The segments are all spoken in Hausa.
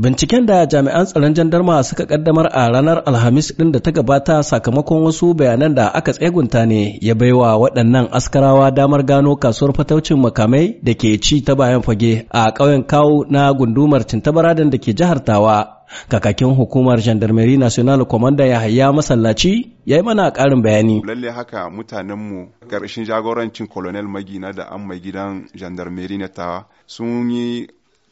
Binciken da jami'an tsaron jandarma suka kaddamar a ranar Alhamis ɗin da ta gabata sakamakon wasu bayanan da aka tsegunta ne ya baiwa waɗannan askarawa damar gano kasuwar fataucin makamai da ke ci ta bayan fage a ƙauyen kawo na gundumar cintabaradan da ke jihar Tawa. Kakakin hukumar Gendarmerie National Commander Yahaya Masallaci ya yi mana ƙarin bayani. Lalle haka mutanenmu ƙarshen jagorancin Colonel Magina da an mai gidan Gendarmerie na Tawa sun yi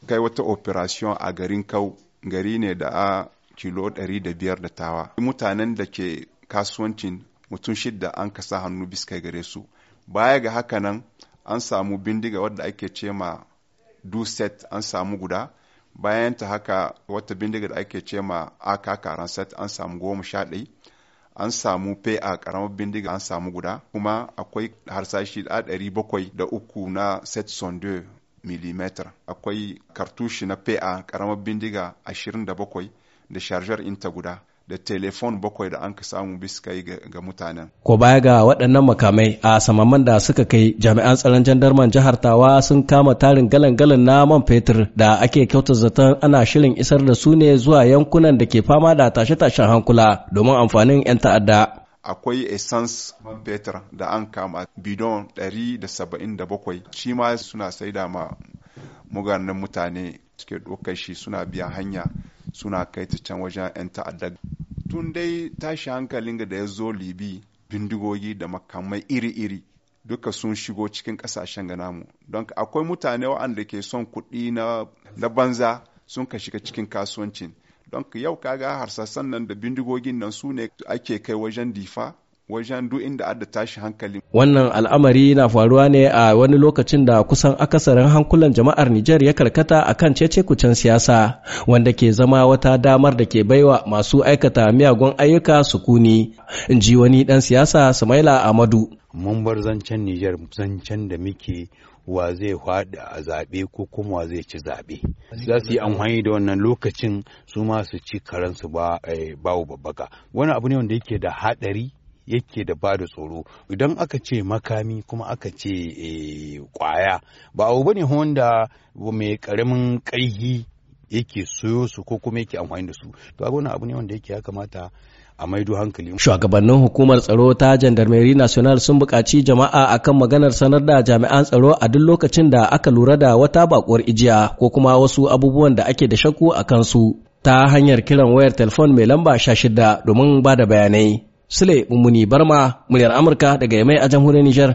kai wata operation a garin kau gari ne da a kilo 500 da tawa mutanen da ke kasuwancin mutum shidda an kasa hannu biska gare su baya ga haka nan an samu bindiga wadda ake ce ma set an samu guda bayan ta haka wata bindiga da ake ce ma aka karan set an samu goma sha ɗai an samu fe a karamar bindiga an samu guda kuma akwai harsashi da ɗari bakwai da uku na set sonde mm akwai kartushi na pa karamar bindiga 27 da sharjar inta guda da telefon bakwai da an ka samu biska yi ga mutanen. Ko baya ga waɗannan makamai a samamman da suka kai jami'an tsaron jandarman jihar Tawa sun kama tarin galan-galan na man fetur da ake kyauta zaton ana shirin isar da su ne zuwa yankunan da ke fama da tashe-tashen hankula domin amfanin 'yan ta'adda. akwai essence man fetur da an kama bidon 177 shi ma suna saida ma muganin mutane suke ɗaukar shi suna biya hanya suna kai ta can wajen 'yan ta'adda tun dai tashi hankalin da ya zo libi bindigogi da makamai iri-iri duka sun shigo cikin kasashen ga namu don akwai mutane waɗanda ke son kuɗi na banza sun ka shiga cikin kasuwancin don yau ka ga harsasan nan da bindigogin nan su ne ake kai wajen difa wajen duk inda adda tashi hankali. Wannan al'amari na faruwa ne a wani lokacin da kusan akasarin hankulan jama'ar Nijar ya karkata a kan cece-kucen siyasa wanda ke zama wata damar da ke baiwa masu aikata miyagun ayyuka sukuni. In ji wani ɗan siyasa Samaila Amadu. Mun bar zancen Nijar zancen da muke wa zai faɗi a zaɓe ko kuma wa zai ci zaɓe za su yi amfani da wannan lokacin su ma su ci karansu ba eh, bawo babbaka wani abu ne wanda yake da haɗari yake da ba da tsoro idan aka ce makami kuma aka ce kwaya eh, ba abu bane wanda mai karamin ƙa'ihi. yake soyo su ko kuma yake amfani da su to a abu ne wanda yake ya kamata a maido hankali shugabannin hukumar tsaro ta gendarmerie national sun buƙaci jama'a akan maganar sanar da jami'an tsaro a duk lokacin da aka lura da wata bakuwar ijiya ko kuma wasu abubuwan da ake da shakku a kansu ta hanyar kiran wayar telefon mai lamba 16 domin ba da bayanai sule mummuni barma muryar amurka daga yamai a jamhuriyar nijar